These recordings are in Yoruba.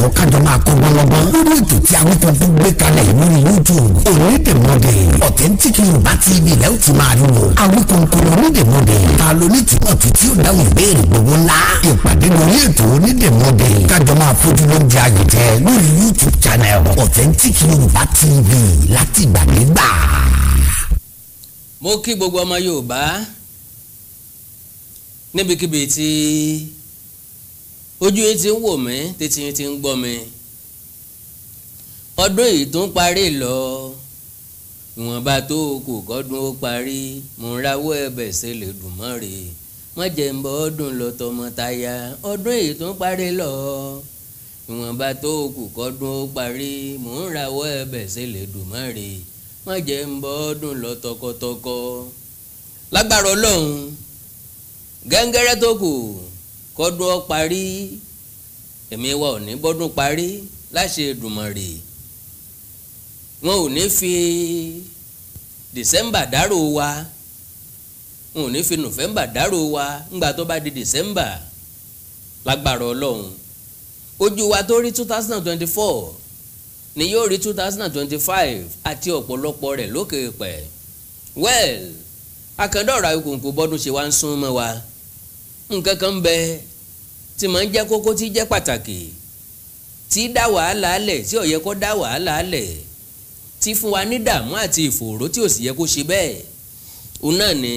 jọ̀wọ́ kájọ máa kọ́ gbọ́lọ́gbọ́n lórí ètò tí àwọn kan tó gbé kalẹ̀ lórí youtube onídèmọ́dé authentic yorùbá tv lẹ́ o ti máa rí wọn àwọn kòkòrò onídèmọ́dé ta ló ní tìmọ̀ tó tí ó dáhùn ìbéèrè gbogbo ńlá ìpàdé lórí ètò onídèmọ́dé kájọ máa fojú ló ń jẹ àyèjẹ lórí youtube channel authentic yorùbá tv láti gbàgbégbà. mo kí gbogbo ọmọ yorùbá níbikíbi tí ojú yìí ti ń wò mí tètè yìí ti ń gbọ́ mi ọdún yìí tó ń parí lọ ìwọ̀nba tó kù kọ́dún ó parí mò ń rawọ́ ẹ̀bẹ̀ ṣe lè dùn mọ́ rè mọ́ jẹ́ ń bọ́ ọdún lọ tọmọtaya ọdún yìí tó ń parí lọ ìwọ̀nba tó kù kọ́dún ó parí mò ń rawọ́ ẹ̀bẹ̀ ṣe lè dùn mọ́ rè mọ́ jẹ́ ń bọ́ ọdún lọ tọkọtọkọ lágbára ọlọ́run gẹ́ngẹ́rẹ́ tó kù kọ́dún ọ parí èmi wa ò ní bọ́dún parí láṣẹ Èdùmàrè wọn ò ní fi December dárò wa wọn ò ní fi November dárò wa ńgbà tó bá di December lágbára Ọlọ́run ojú wa tó rí two ni yóò rí two àti ọ̀pọ̀lọpọ̀ ṣe wa. Well, nǹkan kan bẹ tí màá jẹ́ kókó tí jẹ́ pàtàkì tí dá wàhálà lẹ̀ tí ò yẹ kó dá wàhálà lẹ̀ tí fún wa ní dààmú àti ìfòòró tí ò sì yẹ kó ṣe bẹ́ẹ̀ òun náà ni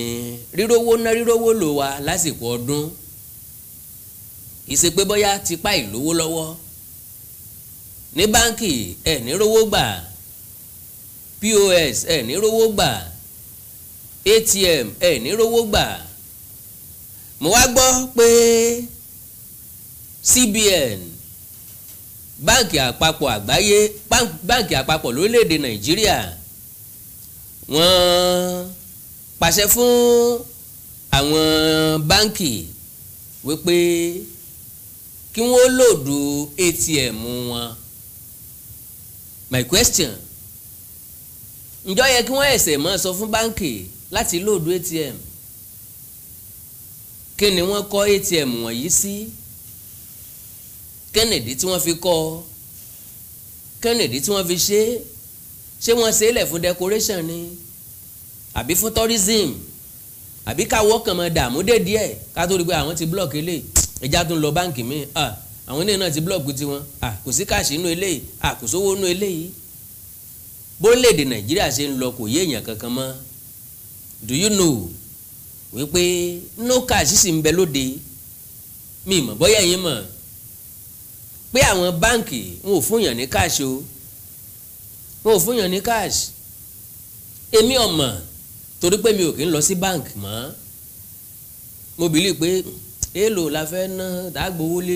rírówó ná rírówó lò wá lásìkò ọdún ìṣe pé bóyá tipa ìlówó lọ́wọ́ ní báńkì ẹ̀ ní rówó gbà pos ẹ̀ ní rówó gbà atm ẹ̀ ní rówó gbà mo wá gbọ́ pé CBN báǹkì àpapọ̀ àgbáyé báǹkì àpapọ̀ lórílẹ̀‐èdè Nàìjíríà wọ́n pàṣẹ fún àwọn báǹkì wípé kí wọ́n lòdù ATM wọn my question ǹjọ́ yẹ kí wọ́n ẹ̀sẹ̀ mọ́ sọ fún báǹkì láti lòdù ATM kí ni wọ́n kọ́ atm wọ̀nyí sí kẹ́nìdí tí wọ́n fi kọ́ kẹ́nìdí tí wọ́n fi ṣe ṣé wọ́n ṣe é fún decoration ni àbí fún tourism àbí káwọ́ kàn máa dààmú dé díẹ̀ ká tó rí pé àwọn ti block eléyìí ẹja tó ń lọ báǹkì míì àwọn eléyìí náà ti block tiwọn kò sí káàṣì inú eléyìí kò sówó inú eléyìí bórílẹ̀-èdè nàìjíríà ṣe ń lọ kò yé èèyàn kankan mọ́ do you know wípé nókà sísì ń bẹ lóde mi mọ̀ bóyá yín mọ̀ pé àwọn báǹkì wọn ò fún yàn ní káàṣì o wọn ò fún yàn ní káàṣì èmi ọ̀mọ̀ torí pé mi ò kí ń lọ sí báǹkì mọ́ mo bìlí pé èèlò la fẹ́ ná dàgbówó lé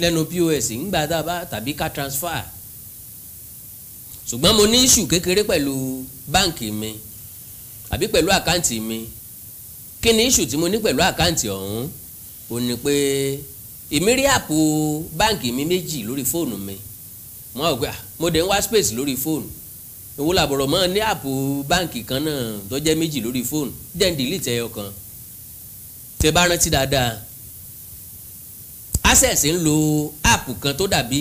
lẹ́nu pos ńgbà tá a bá tàbí ká transfer ṣùgbọ́n mo ní ìṣù kékeré pẹ̀lú báǹkì mi àbí pẹ̀lú àkáǹtì mi kí ni iṣu tí mo ní pẹ̀lú àkáǹtì ọ̀hún ò ní pé èmi rí àpò báǹkì mi méjì lórí fóònù mi mo á gbé à mo dẹ̀ ń wá space lórí fóònù owó làbọ̀rọ̀ mọ́ ní àpò báǹkì kan náà tó jẹ́ méjì lórí fóònù then delete ẹyọ kan tẹ bá rántí dáadáa access ń lo app kan tó dàbí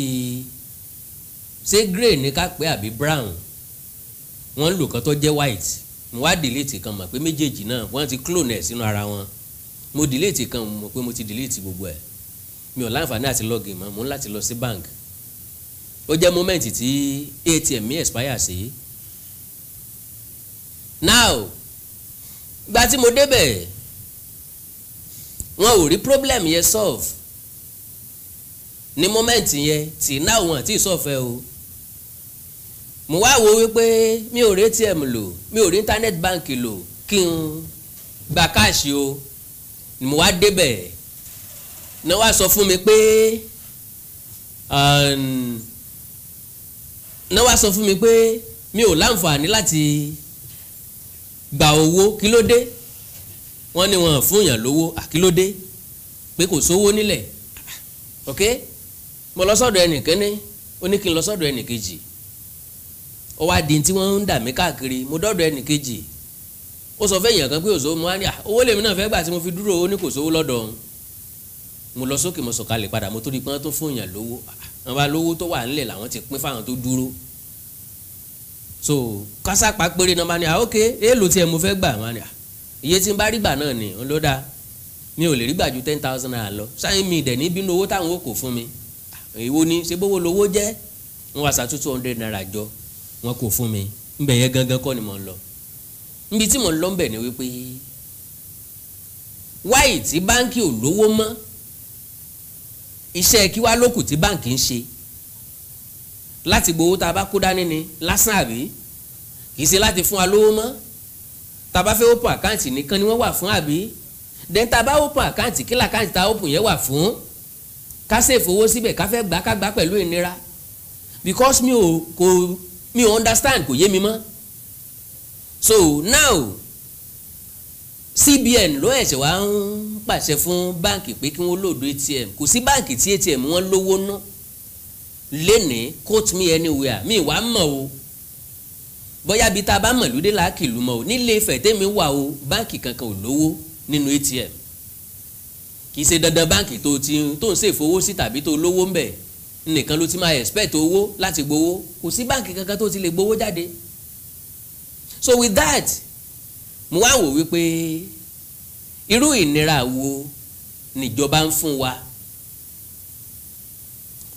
ṣé grey ní ká pé àbí brown wọ́n ń lò kan tó jẹ́ white mo wá delete kan mọ̀ pé méjèèjì náà wọ́n ti clone ẹ̀ sínú ara wọn mo delete kan mọ̀ pé mo ti delete gbogbo ẹ̀ mi ò láǹfààní àti login mọ́ mo ń láti lọ sí bank ó jẹ́ moment tí atm mi expire sí now gba tí mo débẹ̀ wọn ò rí problem yẹn solve ní moment yẹn tí náà wọn àti solve ẹ o mo wá wo wípé mi ò rí ATM lò mi ò rí internet bank lò kí n gba káàṣì o ni mo wá débẹ̀ ni wọ́n sọ fún mi pé um, ni wọ́n sọ fún mi pé mi ò láǹfààní láti gba owó kí ló dé wọ́n ní wọn fún yàn lówó àkí ló dé pé kò sówó nílẹ̀ ok mo lọ sọ́dọ̀ ẹnìkẹ́ni ó ní kí n lọ sọ́dọ̀ ẹnìkejì ó wá di tí wọ́n ń dà mí káàkiri mo dọ́dọ̀ ẹnì kejì ó sọ fẹ́ èèyàn kan pé òṣòwò mo wá ní à ah, owó lèmi náà fẹ́ gbà tí mo fi dúró ó ní kò sówó lọ́dọ̀ òun mo lọ sókè mo sọ̀kalẹ̀ padà mo tó di pé wọ́n tó fún èèyàn lówó àwọn ah, bá lówó tó wà nílẹ̀ làwọn ti pín fáwọn tó dúró so kásápá péré náà máa ní à ah, ok èèlò tiẹ̀ mo fẹ́ gbà máa ní à iye tí n bá rí gbà náà ni ó ló dáa mi ò lè rí gbà ju ten thousand naira lọ sáyẹn mi ìdẹ̀ ní bínú owó táwọn ò kò fún mi èwo ni ṣé bówó lowó jẹ́ wọ́n wá sa two hundred naira jọ wọn kò fún mi nbẹ yẹn gangan kọ́ ni mò ń lọ níbi tí mò ń lọ ń bẹ ni wípé wáyì tí báńkì ò lówó mọ́ iṣẹ́ kí wá lókù tí báńkì ń ṣe láti gbowó tá a bá kó dání ni lásán àbí kì í ṣe láti fún wa lówó mọ́ tá a bá fẹ́ open account nìkan ni wọ́n wà fún àbí then tá a bá open account kí làkáǹtì tá a open yẹn wà fún ká ṣèfowó síbẹ̀ ká fẹ́ gbà ká gbà pẹ̀lú ìnira because mi ò kò mi ò understand kò yé mi mọ́ so now CBN ló ẹ̀ṣẹ̀ wá ń pàṣẹ fún báǹkì pé kí wọ́n lòdò ATM kò sí báǹkì tí ATM wọ́n lówó ná lénìí quote me anywhere mi wàá mọ̀ o bóyá bíi tá a bá mọ̀ lóde làákìlú mọ̀ o nílé Ifẹ̀ tèmi wà o báǹkì kankan ò lówó nínú ATM kì í ṣe dandan báǹkì tó ti tó ń ṣèfowó sí tàbí tó lówó ń bẹ̀ẹ́ nìkan ló ti máa expect owó láti gbowó kò sí báǹkì kankan tó ti lè gbowó jáde so with that mo wá wò wípé irú ìnira wo níjọba ń fún wa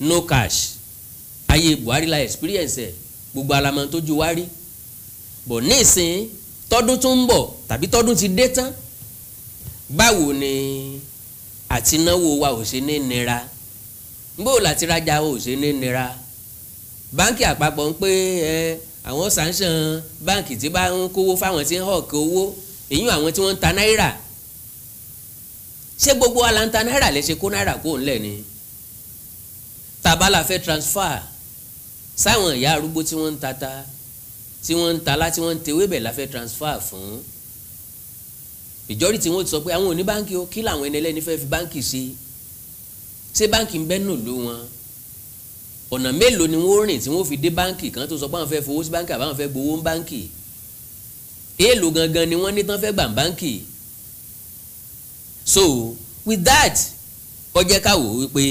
no cash ayé Buhari la experience ẹ gbogbo alamọ tó ju wá rí bọ̀ nísìnyí tọdún tó ń bọ̀ tàbí tọdún ti dé tán báwo ni àtináwó wa ò ṣe ní nira nbó láti rajà ò ṣe ní nira báńkì àpapọ̀ ń pé ẹ àwọn sàǹsàn báńkì tí bá ń kówó fáwọn tí ń họ̀ọ̀kì owó èyí àwọn tí wọ́n ń ta náírà ṣé gbogbo ala náírà lè ṣe kó náírà kó ńlẹ̀ ni tàbálà fẹ́ transfer sáwọn ìyá arúgbó tí wọ́n ń tata tí wọ́n ń talá tí wọ́n ń tewébẹ̀ la fẹ́ transfer fún ìjọ́rí tí wọ́n ti sọ pé àwọn ò báńkì o kí làwọn ẹni ẹlẹ́ni fẹ́ fi báńkì ṣe. Si ṣé báǹkì ń bẹ́nu ló wọn ọ̀nà mélòó ni wọ́n rìn tí wọ́n fi dé báǹkì kan tó sọ pé àwọn fẹ́ fowó sí báǹkì àbáwọn fẹ́ gbowó ń báǹkì èèlò gangan ni wọ́n ní tán fẹ́ gbà ń báǹkì so with that ó jẹ́ ká wò wípé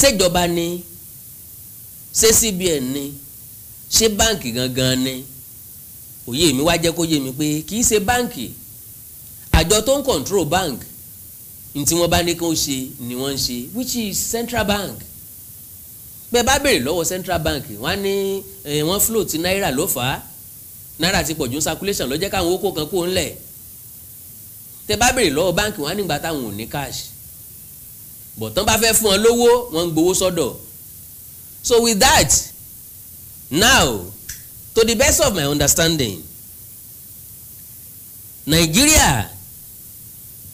ṣèjọba ni ṣé CBN ni ṣé báǹkì gangan ni òye mi wá jẹ́ kó yé mi pé kì í ṣe báǹkì àjọ tó ń control bank ntí wọ́n bá ní kí wọ́n ṣe ni wọ́n ń ṣe which is central bank bẹ́ bá béèrè lọ́wọ́ central bank wọ́n ní wọ́n float náírà ló fà á náírà ti pọ̀jù circulation ló jẹ́ káwọn owó kan kó ń lẹ̀ tẹ́ bá béèrè lọ́wọ́ báńkì wọ́n nígbà táwọn ò ní cash bọ̀ tán bá fẹ́ fún wọn lówó wọ́n ń gbowó sọ́dọ̀ so with that now to the best of my understanding Nàìjíríà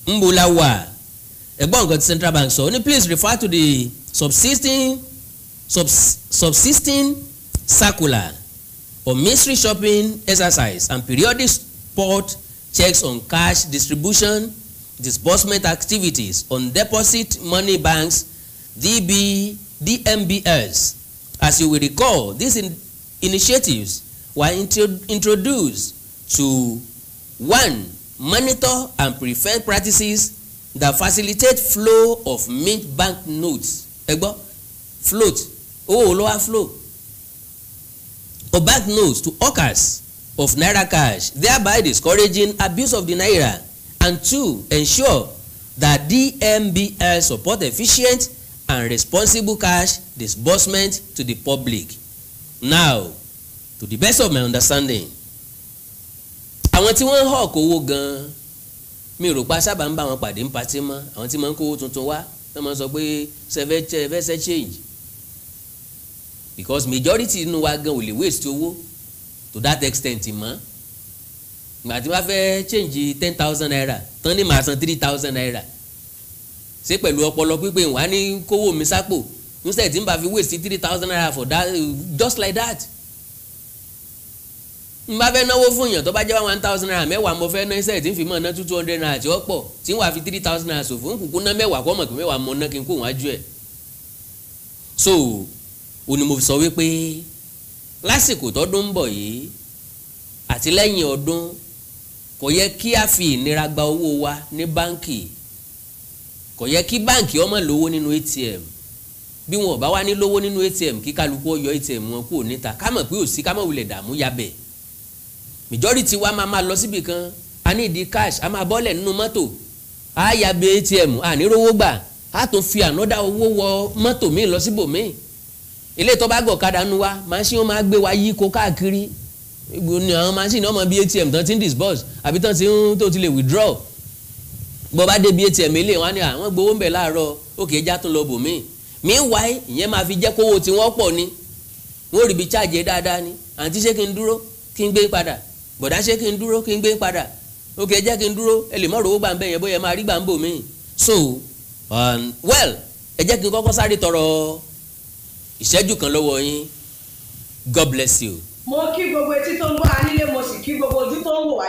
ń bo la wà ẹ̀gbọ́n nǹkan tí central bank sọ ó please refer to the subsisting subs, subsisting circular on mystery shopping exercise and periodic port checks on cash distribution disbursement activities on deposit money banks DB, DMBS. As you will recall, these in initiatives were intro introduced to one monitor and prevent practices that facilitate flow of mint bank notes ẹ float owó oh, olówó flow of bank notes to hawkers of naira cash thereby discouraging abuse of the naira and two ensure that DMBI support efficient and responsible cash disbursement to the public now to the best of my understanding àwọn tí wọ́n ń hawk owó gan-an mi rò pa sábà ń bá wọn pàdé ń patí mọ́ àwọn tí máa ń kówó tuntun wá wọ́n máa sọ pé ṣẹfẹ́ṣẹ́ change because majority inú wa gan ò lè waste owó to that extent mọ́ ìgbà tí wọ́n fẹ́ change ten thousand naira tán ní màá san three thousand naira ṣé pẹ̀lú ọpọlọ pípé wà á ní kówó mi sápò instead tí n bá fi waste three thousand naira for that just like that n bá fẹ́ náwó fún èèyàn tó bá jẹ́ wá one thousand naira mẹ́wàá mo fẹ́ náà sẹ́ẹ̀ tí n fi mọ̀ ná two hundred naira tí ó pọ̀ tí n wà fi three thousand naira ṣòfò n kúkú ná mẹ́wàá kọ́ mọ̀ pé mẹ́wàá mo ná kí n kó wájú ẹ̀. so o ni mo sọ wípé lásìkò tọdún ń bọ̀ yìí àti lẹ́yìn ọdún kò yẹ kí a fi ìnira gba owó wa ní báǹkì kò yẹ kí báǹkì ó má lówó nínú ATM bí wọn ò bá wá ní lówó nínú ATM kí kálukú ó yọ ATM wọn kúrò níta ká mọ̀ pé òsì ká mọ̀ wulẹ̀ dààmú yabẹ̀ majority wa máa máa lọ síbi kan a ní ìdí cash a máa bọ́lẹ̀ nínú mọ́tò a yà bí atm a ní rówó gbà a tún fi ànọ́dá owó wọ mọ́tò míì lọ síbò míì ilé tó bá gọ̀kadà nu wa machine ó máa gbé wa yíko káàkiri àwọn machine náà mọ bí atm tán ti ń disburse àbí tán ti ń tó ti lè withdraw bó bá dé bí atm ilé wọn ni àwọn gbowó ń bẹ̀ láàárọ̀ ó kì tún lọ bò míì meanwhile ìyẹn máa fi jẹ́ kówó tí wọ́n pọ̀ ni wọ́n rí ibi charge dáadáa ni àǹtí ṣé kí n dúró kí n gbé padà bọ̀dá ṣé kí n dúró kí n gbé padà ok jẹ́ kí n dúró ẹ lè mọ̀ rówó gbàǹbẹ̀ yẹn bóyá ẹ máa rí gbàǹbò mi so um, well ẹ jẹ́ kí n kọ́kọ́ sáré tọrọ ìṣẹ́jú kan lọ́wọ́ yín God bless you. mo kí gbogbo etí tó ń gbọ́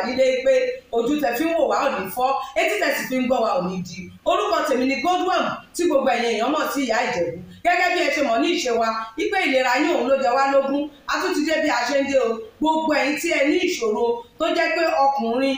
gbàgede pé ojú tẹ fi ń wò wá ò fọ́ etí tẹ sì fi ń gbọ́ wá ò di orúkọ tèmi ni Godwin tí gbogbo ẹ̀yin èèyàn mọ̀ sí ìyá Ìjẹ̀bú gẹ́gẹ́ bí ẹ ṣe mọ̀ ní ìṣe wa wípé ìlera yín òun ló jẹ wá lógún a tún ti dé bí a ṣe ń dé o gbogbo ẹ̀yin tí ẹ ní ìṣòro tó jẹ́ pé ọkùnrin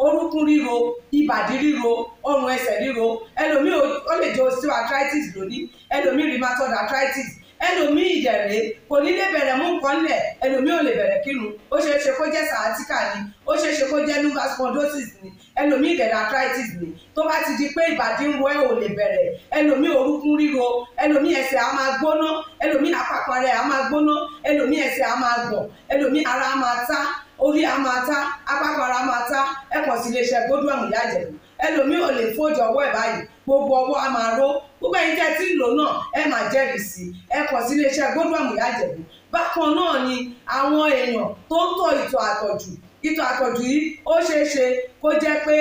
orúnkún ríro ìbàdí ríro ọrùn ẹsẹ̀ ríro ẹlòmíì ó lè jẹ́ osteoarthritis lónìí ẹlòmíì rheumatoid arthritis ẹlòmíì ìdẹ̀rẹ̀ kò ní lè bẹ̀rẹ̀ mú nǹkan lẹ̀ ẹlòmíì ò lè bẹ̀rẹ̀ kírun ó ṣeé ṣe kó jẹ́ sciatica ni ó ṣeé ṣe kó jẹ́ lumbar spondosis ni ẹlòmíì ìdẹ̀rẹ̀ arthritis ni tó bá ti di pé ìbàdí ń wọ ẹ̀ ò lè bẹ̀rẹ̀ ẹlòmíì orúnkún ríro ẹlòmíì ẹsẹ̀ á máa gbóná ẹlòmíì àpapọ̀ rẹ̀ á máa gbóná ẹlòmíì ẹsẹ̀ á máa gbọ̀n ẹlòmíì ara á máa tá orí a máa ta apákọ̀ọ́ra máa ta ẹ sí iléeṣẹ́ Godwin Ìyá Ìjẹ̀bú ẹlòmíì ò lè fojú ọwọ́ ẹ̀ báyìí gbogbo ọwọ́ a máa ró gbogbo ẹ̀yin tẹ́ ẹ ti ń lò náà ẹ máa jẹ́rìí sí ẹ pọ̀ sí iléeṣẹ́ Godwin Ìyá Ìjẹ̀bú bákan náà ni àwọn èèyàn tó ń tọ̀ ìtọ̀ àtọ̀jù ìtọ̀ àtọ̀jù yìí ó ṣeé ṣe kó jẹ́ pé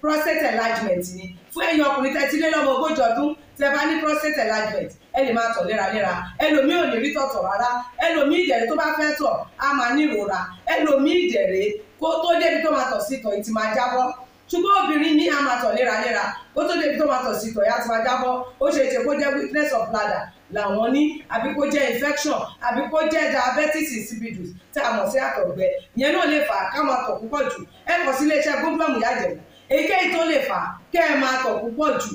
prostate enlargement ni fún ẹ̀yin ọkùnrin tẹ́ ti lé lọ́mọ ogójì ọdún tẹ́ bá ní prostate enlargement ẹ lè máa tọ̀ léraléra ẹlòmíì ò ní rí tọ̀tọ̀ rárá ẹlòmíì ìjẹ̀rẹ̀ tó bá fẹ́ tọ̀ á máa ní ìrora ẹlòmíì ìjẹ̀rẹ̀ kó tó débi tó máa tọ̀ sí tọ̀ ìtì máa jábọ́ ṣùgbọ́n obìnrin ní a máa tọ̀ léraléra kó tó débi tó máa tọ̀ sí tọ̀ ìyá ti máa jábọ́ ó ṣe é ṣe kó jẹ́ weakness of bladder làwọn ní àbí kó jẹ́ infection àbí kó jẹ́ diabetes insipidus tí a mọ̀ sí àtọ̀gbẹ ìyẹn náà lè fà á ká máa tọ̀ púpọ̀ jù ẹ kàn sí iléeṣẹ́ gómìnà ìyá ìjẹ̀bù èyíkéyìí tó lè fà á kẹ́ ẹ máa tọ̀ púpọ̀ jù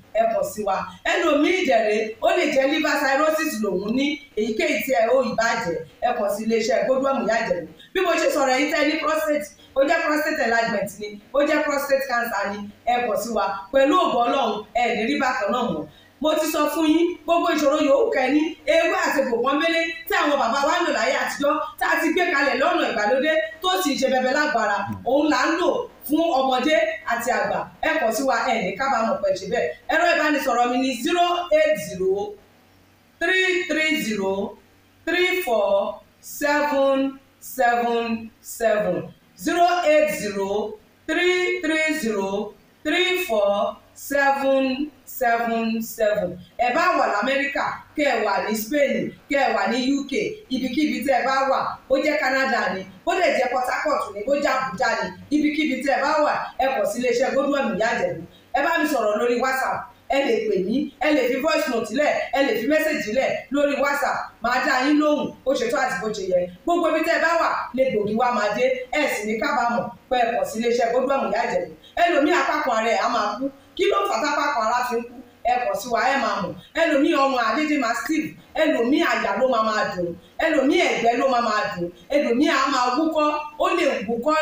ẹ kàn sí wa ẹlòmíì ìdẹ̀rẹ̀ ó lè jẹ́ liver cirrhosis lòun ní èyíkéyìí tí ẹ ó ìbàjẹ́ ẹ kàn sí iléeṣẹ́ gbódúọ̀mù yájẹ̀mú bí mo ṣe sọ̀rọ̀ yìí tẹ́ prostate ó jẹ́ prostate enlargement ni ó jẹ́ prostate cancer ni ẹ kàn sí wa pẹ̀lú ògbó ọlọ́run ẹ ní rí bákan náà mọ́ mo ti sọ fún yín gbogbo ìṣòro yòówù kẹ́ni ewé àtẹ̀kò pọ́nbélé tí àwọn bàbá wa ń lò láyé àtijọ́ tá a ti gbé kalẹ̀ lọ́nà ìgbàlódé tó sì ṣe bẹbẹ lágbára òun là ń lò fún ọmọdé àti àgbà ẹ kọ sí wa ẹ ní kábàámọ̀ pẹ̀ ṣe bẹ́ẹ̀ ẹ̀rọ ìbánisọ̀rọ̀ mi ní zero eight zero three three zero three four seven seven seven zero eight zero three three zero three four seven seven seven ẹ bá wà lamẹ́ríkà kẹ́ ẹ wà ní spain kẹ́ ẹ wà ní uk ibikíbi tẹ́ ẹ bá wà bó jẹ́ canada ni bó dẹ̀ jẹ́ port harcourt ni bó jẹ́ abuja ni ibikíbi tẹ́ ẹ bá wà ẹ kọ̀ sí iléeṣẹ́ godwin yájẹ̀bù ẹ bá mi sọ̀rọ̀ lórí whatsapp ẹ lè pè mí ẹ lè fi voice note lẹ̀ ẹ lè fi message lẹ̀ lórí whatsapp máa dá yín lóhùn ó ṣètò àti bó ṣe yẹ gbogbo ibi tẹ́ ẹ bá wà lè gbòógì wá máa dé ẹ sì ní kábàámọ̀ pé ẹ kọ̀ sí iléeṣẹ́ godwin yájẹ̀bù ẹlòmíì apákan ara ẹ̀ á kí ló fà tápákọ ara fi ń kú ẹ kọ̀ sí wa ẹ máa mọ̀ ẹlòmíì ọmọ àdídì máa steve ẹlòmíì àyà ló máa máa dùn ẹlòmíì ẹ̀gbẹ́ ló máa máa dùn ẹlòmíì á máa wúkọ́ ó lè wúkọ́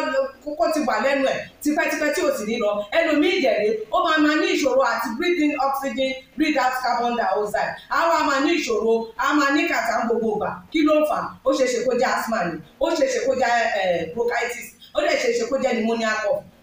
kókó ti wà lẹ́nu ẹ̀ tipẹ́tipẹ́ tí ò sì ní lọ ẹlòmíì ìjẹ̀lẹ̀ ó máa máa ní ìṣòro àti breathing oxygen breathe out carbon dioxide á wá máa ní ìṣòro á máa ní kàtà gbogbo ìgbà kí ló ń fà ó ṣeéṣe kó jẹ́ asthma ni ó ṣeéṣe kó jẹ́ bronchitis ó dẹ̀ ṣeéṣe kó jẹ́ pneumonia cough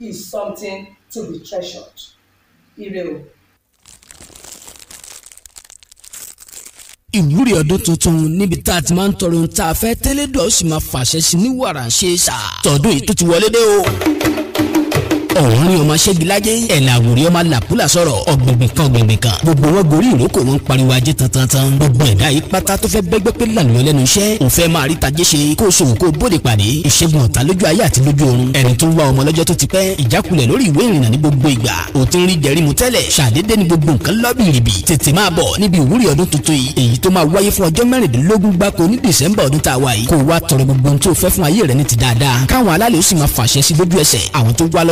is something to be treasured. Ire o. ìwúrí ọdún tuntun níbi tá a ti máa ń tọrọ ohun tá a fẹ́ tẹ́lẹ̀ dọ̀ ó sì máa fàṣẹ sí ní wàrà ṣe é ṣá. tọdún yìí tó ti wọlé dé o ọ̀rọ̀ rí ọmọ ṣẹ́gilájé ẹ̀làwòrí ọmọ làkúlà sọ̀rọ̀ ọ̀gbìngbìn kan ọ̀gbìngbìn kan gbogbo wọn gorí ìrókò wọn pariwo ajé tantan gbogbo ẹ̀dá yìí pátá tó fẹ́ bẹ́gbẹ́ pé lànà lẹ́nu iṣẹ́ ò fẹ́ máa rí tajé ṣe kó sòwò kó bóde pàdé ìṣègùn ọ̀tá lójú ayé àti lójú ọ̀run ẹni tó wá ọmọ lọ́jọ́ tó ti pẹ́ ìjákulẹ̀ lórí ìwé ìrìnnà ní gbogbo ìgbà ò ti ń rí jẹ̀rí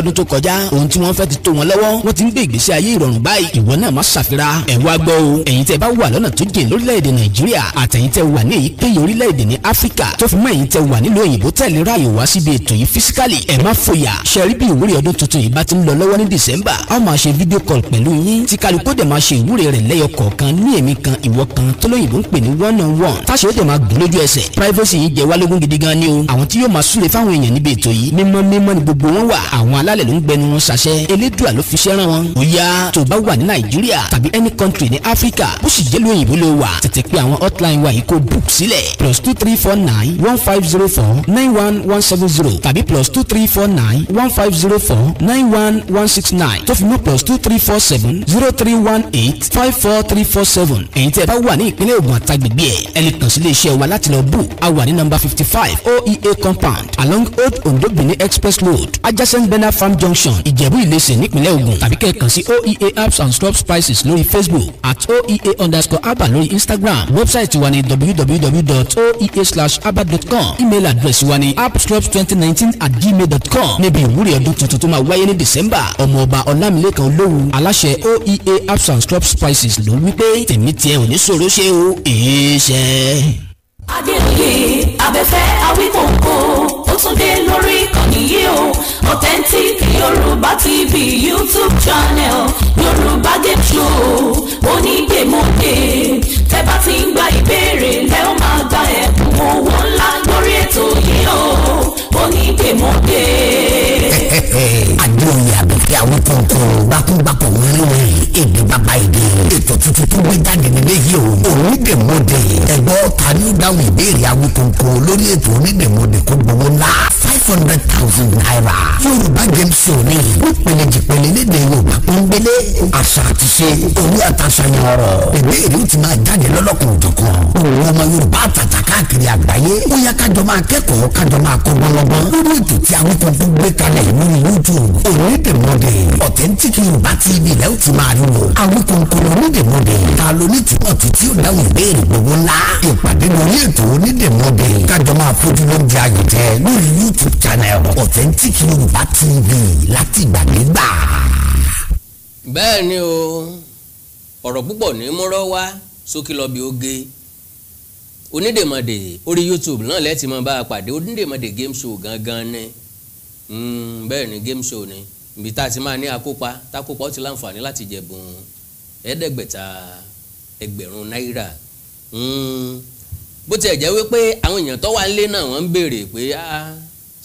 mu kọjá ohun tí wọ́n fẹ́ ti tó wọn lọ́wọ́ wọ́n ti ń gbé ìgbésí ayé ìrọ̀rùn báyìí ìwọ náà má ṣàfira ẹ̀ wá gbọ́ o ẹ̀yin tẹ́ bá wà lọ́nà tó jìn lórílẹ̀‐èdè nàìjíríà àtẹ̀yin tẹ́ wà ní èyíkéyìí orílẹ̀‐èdè ní áfíríkà tó fi mọ́ ẹ̀yin tẹ́ wà nílùú òyìnbó tẹ̀lé ráàyè wá síbi ètò yìí físíkàlì ẹ̀ má fòyà ṣẹ́rí bí ìwúrí ọdún tuntun yìí bá ti ń lọ lọ́wọ́ ní dìsẹ́mbà a máa ṣe fídíò kọ́ọ̀lù pẹ̀lú yín tí kálukú dẹ̀ máa ṣe ìwúrí rẹ̀ lẹ́yọ kọ̀ọ̀kan ní èmi kan ìwọ kan tólóyìnbó ń pè ní one on one táṣe ó dẹ̀ máa gùn lójú ẹsẹ̀ privacy yìí jẹ́ wálógún gidi gan ni o àwọn tí yóò máa súre fáwọn èèyàn níbi ètò yìí mímọ́ mímọ́ ni gbogbo wọn wà àwọn alálẹ̀ ló ń gbẹnu ṣàṣẹ elédùà ló fi ṣẹ́ràn wọn. ó tó bá wà ní nàìjíríà tàbí any country ní áfíríkà bó sì jẹ́ lóyìnbó ló wà tètè pé àwọn hotline wa yìí kó book sílẹ̀ plus two three four nine one five zero four nine one one seven zero tàbí plus two three four nine one five zero four nine one one six nine tó fi mú plus two three four seven zero three one eight five four three four seven ẹ̀yin tẹ́ ẹ bá wà ní ìpínlẹ̀ Ògùn àtàgbègbè ẹ̀ ẹ lè kàn sí iléeṣẹ́ wa láti lọ bù a wà ní number fifty five oea compound along old ondo benin express road adjacent bena farm junction junction ìjẹ̀bú ìlẹsẹ̀ nípínlẹ̀ Ògùn tàbí kẹ́ẹ̀kan sí oea apps and stop spices lórí facebook at oea underscore abba lórí instagram wẹ́bsáìtì wa ni www.oea/abba.com email address wa ni appstrops2019 at gmail.com níbi ìwúrí ọdún tuntun tó máa wáyé ní december ọmọọba ọlámilẹ́kan olówu aláṣẹ oea apps and stop spices ló wí pé tèmi tiẹ̀ ò ní ṣòro ṣe o èé ṣe. adéoyè abẹ́fẹ́ awíkòǹkò ó tún dé lórí ìkànnì yìí o authentic yorùbá tv youtube channel yorùbá game show onígbèmọdé tẹ bá ti ń gba ìbéèrè lẹ ó máa gba ẹkún owó ńlá lórí ètò yìí o onígbèmọdé. àdéhùn yàgbẹ́ fi àwọn tó ń kọ́ bákúbákú wọlé ọ̀tọ̀ tuntun tó gbé jáde nílé yìí o onídèmọdè ẹgbọ́ ta ní dáhùn ìbéèrè Awikonko lórí ètò onídèmọdè kó gbowó ńlá hundred thousand naira yorùbá game show ní nípele jìpele léde yorùbá pọ́nbélé àṣà àtiṣe olú àtàṣàyàn ọ̀rọ̀ bèbè èrè ó ti máa jáde lọ́lọ́kùn òjọ̀kan òun ọmọ yorùbá àtàtà káàkiri àgbáyé ó yá kájọ máa kẹ́kọ̀ọ́ kájọ máa kọ́ gbọ́ngbọ́n lórí ètò tí àwọn kan tó gbé kalẹ̀ lórí youtube òní dèmọ́dé authentic yorùbá tv lẹ́ ó ti máa rí wo àwọn kòkòrò onídèmọ́dé ta ló ní tìmọ̀tì tí ó dáhùn ìbéèrè gbogbo ńlá ìpàdé lórí ètò onídèmọ́dé kájọ máa fojú lóúnjẹ àgùntẹ lórí youtube YouTube channel Authentic Yorùbá TV látìgbàdégbà. bẹ́ẹ̀ ni o ọ̀rọ̀ púpọ̀ ní múrọ́ wá sókè lọ́bi oge onídèmọ̀dè orí YouTube náà lẹ́tì mọ́ bá a pàdé onídèmọ̀dè game show gangan ni hmm, bẹ́ẹ̀ ni game show ni ibi tá a ti máa ní akópa takópa ó ti láǹfààní láti jẹ̀bùn ẹ̀ẹ́dẹ́gbẹ̀ta ẹgbẹ̀rún náírà hmm, bó tiẹ̀ jẹ́ wípé àwọn èèyàn tó wà nílé náà wọ́n ń béèrè pé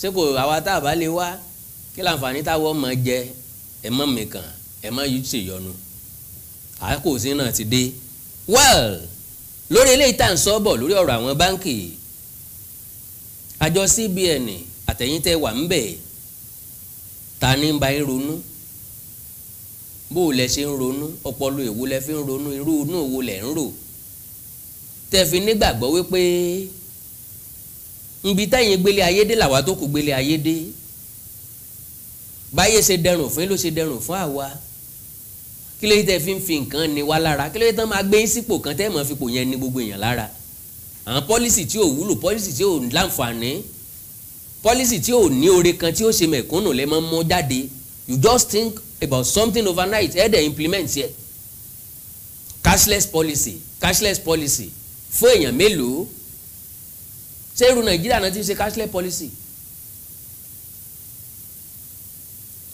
ṣé kò àwa tá a bá lè wá kí láǹfààní táwọ́ mọ̀ jẹ ẹ̀ mọ̀ mìkan ẹ̀ mọ̀ yìí ṣèyọnu àákòsí náà ti dé well lórí eléyìí tá à ń sọ bọ̀ lórí ọ̀rọ̀ àwọn báǹkì àjọ CBN àtẹ̀yìn tẹ́ wà ń bẹ̀ ta ní bá ń ronú bó o lẹ ṣe ń ronú ọpọlọ èwo fi ń ronú irú inú òwo lẹ ń rò tẹ́ fi wípé nbi táyìn gbélé ayé dé làwa tó kù gbélé ayé dé báyé ṣe dẹrùn fún yín ló ṣe dẹrùn fún àwa kí ló yẹ tẹ́ fi ń fi nǹkan ni wá lára kí ló yẹ tán máa gbé yín sípò kan tẹ́ mọ̀ fipò yẹn ní gbogbo èèyàn lára àwọn pọ́lísì tí ò wúlò pọ́lísì tí ò láǹfààní pọ́lísì tí ò ní oore kan tí ó ṣe mẹ̀kúnnù lẹ́ mọ́ mọ́ jáde you just think about something overnight ẹ̀ dẹ̀ implement yẹ cashless policy cashless policy fún èèyàn mélòó ṣé irú nàìjíríà náà ti ṣe cashless policy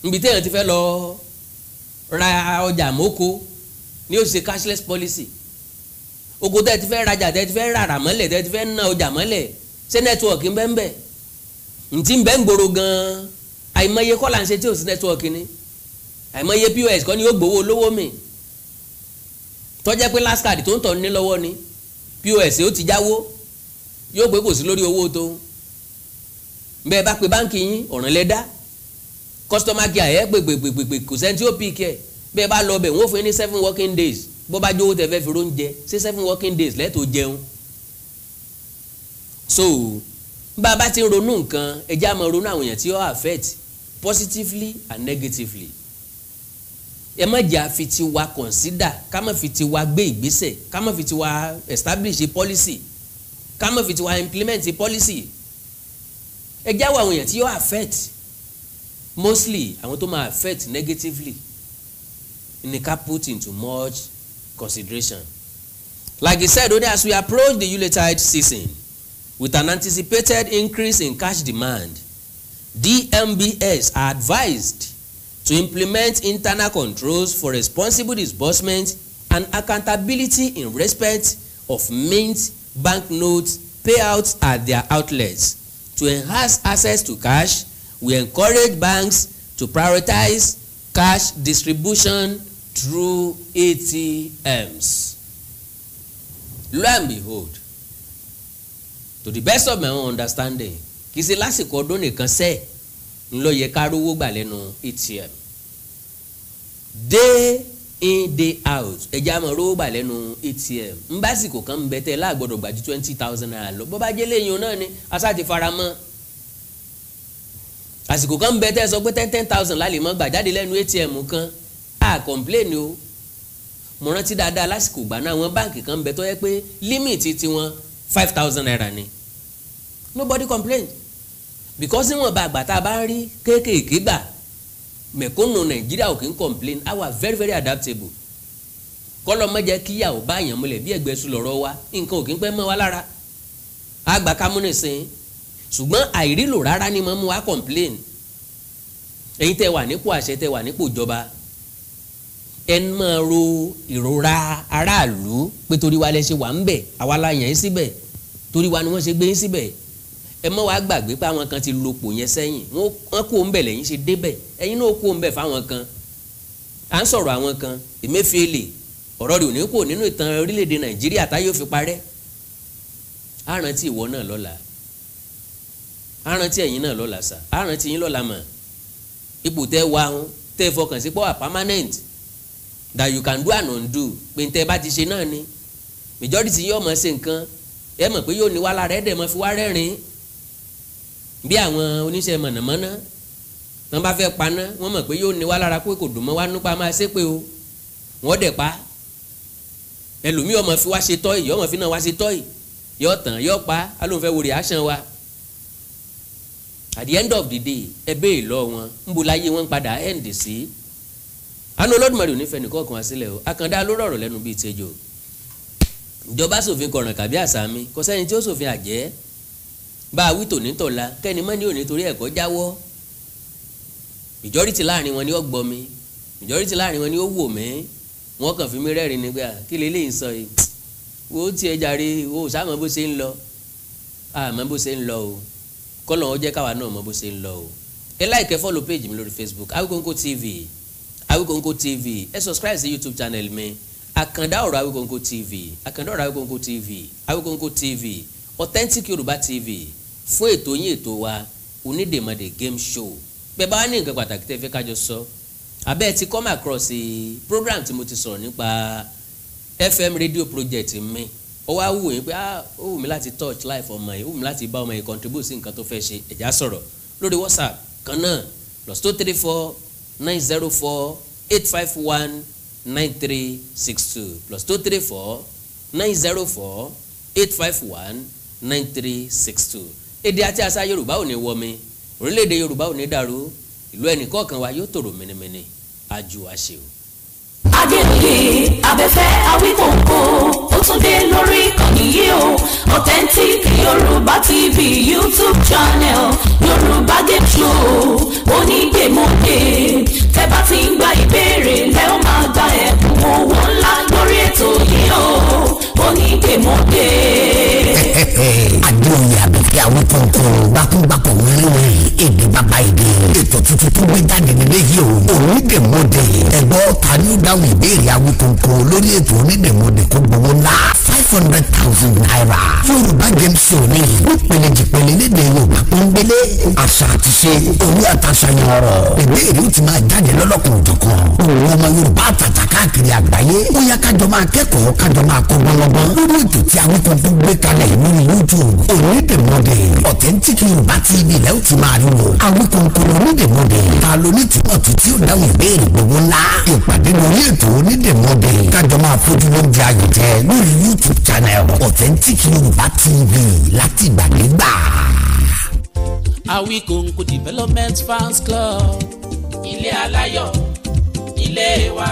nbí téèyàn ti fẹ́ lọ ra ọjà mọ́kò ni ó ṣe cashless policy oko tẹ́ ti fẹ́ rajà tẹ́ ti fẹ́ ràrà mọ́lẹ̀ tẹ́ ti fẹ́ na ọjà mọ́lẹ̀ ṣé nẹ́tíwọ̀kì ń bẹ ń bẹ ntí ń bẹ ń gbòòrò gan-an àìmọye kọ́ là ń ṣe tí ò sí nẹ́tíwọ̀kì ni àìmọye pos kọ́ ni yóò gbowó olówó mi tọ́jẹ́ pé last card tó ń tọ̀ ní lọ́wọ́ ni pos ó ti jáwó yóò pé kò sí lórí owó tó bẹ́ẹ̀ bá pe báǹkì yín ọ̀ràn lẹ dá customer care ẹ̀ gbègbègbègbè kò sẹ́ni tí ó pì kẹ́ bẹ́ẹ̀ bá lọ bẹ̀ wọ́n fún yín ní seven working days bó bá jówó tẹ̀ fẹ́ fi róúnjẹ sí seven working days lẹ́tọ̀ jẹun so bá a bá ti ronú nǹkan ẹ jẹ́ ronú àwọn èèyàn tí ó affect positively and negatively ẹ má jẹ́ àfi tiwa consider ká má fi tiwa gbé ìgbésẹ̀ ká má fi tiwa establish a policy ká má fi tiwa implement policy ẹ jáwọ́ àwọn èèyàn tí yóò affect mostly àwọn tó máa affect negatively ni put into much consideration like he said only as we approach the yuletide season with an anticipated increase in cash demand DMBS are advised to implement internal controls for responsible disbursement and accountability in respect of mint banknotes, payouts at their outlets. To enhance access to cash, we encourage banks to prioritize cash distribution through ATMs. Lo and behold, to the best of my own understanding, kì í ṣe lásìkò ọdún nìkan sẹ́ẹ̀ ń lọ yẹ ká rówó gbà lẹ́nu ATM. They in day out ẹja mọ rọ́bà lẹ́nu atm ń básìkò kan ń bẹ tẹ́ gbàjú twenty thousand naira lọ bó bá jẹ́ léyìn náà ni asáàtì faramọ́ àsìkò kan ń bẹ sọ pé ten ten thousand lálẹ́ mọ́ gbà jáde lẹ́nu atm kan a complain o mo rántí dáadáa lásìkò gbà náà àwọn báǹkì kan ń bẹ tó yẹ pé límìtì tiwọn five thousand naira ni nobody complain because níwọ̀nba àgbà tá a bá ń rí kéékèèké gbà mẹ̀kúnnù nàìjíríà ò kì ń complain a wà very very adaptable kọ́lọ́ mọ́jẹ́ kíyà ò bá àyàn múlẹ̀ bí ẹ̀gbẹ́ sùn lọ́rọ́ wa nǹkan ò kì ń pẹ́ mọ́ wa lára àgbà kámúnìsìn ṣùgbọ́n àìrílò rárá ni mo mú wa complain ẹ̀yin tẹ́ wà nípò àṣẹ tẹ́ wà nípò ìjọba ẹ máa ro ìrora aráàlú pé torí wa lẹ ṣe wà ń bẹ̀ àwa la yàn yín síbẹ̀ torí wa ni wọ́n ṣe gbé yín síbẹ̀ ẹ mọ́ wàá gbàgbé pé àwọn kan ti lo pò yẹn sẹ́yìn wọ́n kó ń bẹ̀ lẹ́yìn ṣe débẹ̀ ẹ̀yin náà kó ń bẹ̀ fáwọn kan à ń sọ̀rọ̀ àwọn kan Emefiele ọ̀rọ̀ rẹ̀ ò ní kó nínú ìtàn orílẹ̀-èdè Nàìjíríà táyé ò fi parẹ́ á rántí ìwọ náà lọ́la á rántí ẹ̀yin náà lọ́la sà á rántí yín lọ́la mọ̀ ipò tẹ́ wà ń tẹ́ fọkàn sí pọ́wà permanent that you can do and undo pé ntẹ́ bá ti ṣe náà ni majority yóò mọ̀ ṣe nǹkan ẹ mọ̀ pé yóò ní wàhálà rẹ̀ dẹ̀ mọ̀ fi wá rẹ́rìn-ín bí àwọn oníṣẹ́ mọ̀nàmọ́ná tán bá fẹ́ paná wọ́n mọ̀ pé yóò ní wá lára pé kò dùn mọ́ wá nípa máa ṣe pé o wọ́n dẹ̀ pa ẹlòmíì ọmọ fi wá ṣe tọ́yì ọmọ fi náà wá ṣe tọ́yì yọ tàn yọ pa alóhùn fẹ́ wo wa at the end of the day ẹ bẹ́ẹ̀ lọ wọn ń bo láyé wọn padà end sí àánú Olódùmarè ò ní fẹ́ nìkan kan sílẹ̀ o àkàndá ló rọ̀rọ̀ lẹ́nu bíi tẹjọ ìjọba ṣòfin kọ̀ràn kàbí àṣà mi kò tí ó ṣòfin àjẹ́ bá a wí tòní tọ̀la kẹ́ni má ní òní torí ẹ̀kọ́ jáwọ́ majority láàrin wọn ni ó gbọ́ mi majority láàrin wọn ni ó wò mí wọn kàn fi mí rẹ́rìn nígbà kí lélẹ́yìn sọ yìí wo tiẹ̀ jàre o sáàmọ́ bó ṣe ń lọ àmọ́ bó ṣe ń lọ o kọ́lọ̀ wọn jẹ́ káwa náà mọ̀ bó ṣe ń lọ o ẹ láìkẹ́ follow page mi lórí Facebook Awikonko TV Awikonko TV ẹ subscribe sí YouTube channel mi àkàndá ọ̀rọ̀ Awikonko TV àkàndá ọ̀rọ̀ Awikonko TV Awikonko TV authentic Yorùbá TV fún ètò yín ètò wa onídèmọdè game show bẹ́ẹ̀ bá ní nǹkan pàtàkì tẹ́ fẹ́ kájọ sọ abẹ́ ti come across the program tí mo ti sọ̀rọ̀ nípa fm radio project mi ó wá wù yín pé ah, ó wù mí láti touch life ọmọ yìí ó wù mí láti bá ọmọ yìí contribute sí nǹkan tó fẹ́ ṣe ẹ̀já sọ̀rọ̀ lórí whatsapp kan náà plus two three four nine zero four eight five one nine three six two plus two three four nine zero four eight five one nine three six two èdè àti àṣà yorùbá ò ní wọmi orílẹ̀-èdè yorùbá ò ní dàrú ìlú ẹnìkọ̀ọ̀kan wa yóò tòrò mẹ́nẹ́mẹ́nẹ́ àjò àṣẹ o. agége abẹ́fẹ́ awíkòǹkò ó tún dé lórí ìkànnì yìí o authentic yorùbá tv youtube channel yorùbá game show onígbèmọ̀dé tẹ́ bá ti ń gba ìbéèrè kájọ máa kẹ́kọ̀ọ́ kájọ máa kọ́ gbọ́lọ́gbọ́n lórí ètò tí àwọn kan tó gbé kalẹ̀ lórí youtube òní dèmọ́dé authentic yorùbá tv lẹ́wọ̀ ti máa rí wo àwọn kòkòrò ní dèmọ́dé ta ló ní tìmọ̀ tí ó dáhùn ìbéèrè gbogbo ńlá ìpàdé lórí ètò ní dèmọ́dé kájọ máa fojú ló ń di ayò jẹ lórí youtube channel authentic yorùbá tv láti gbàgbégbà. Awikonko development fans club ilé aláyọ̀ ilé wa.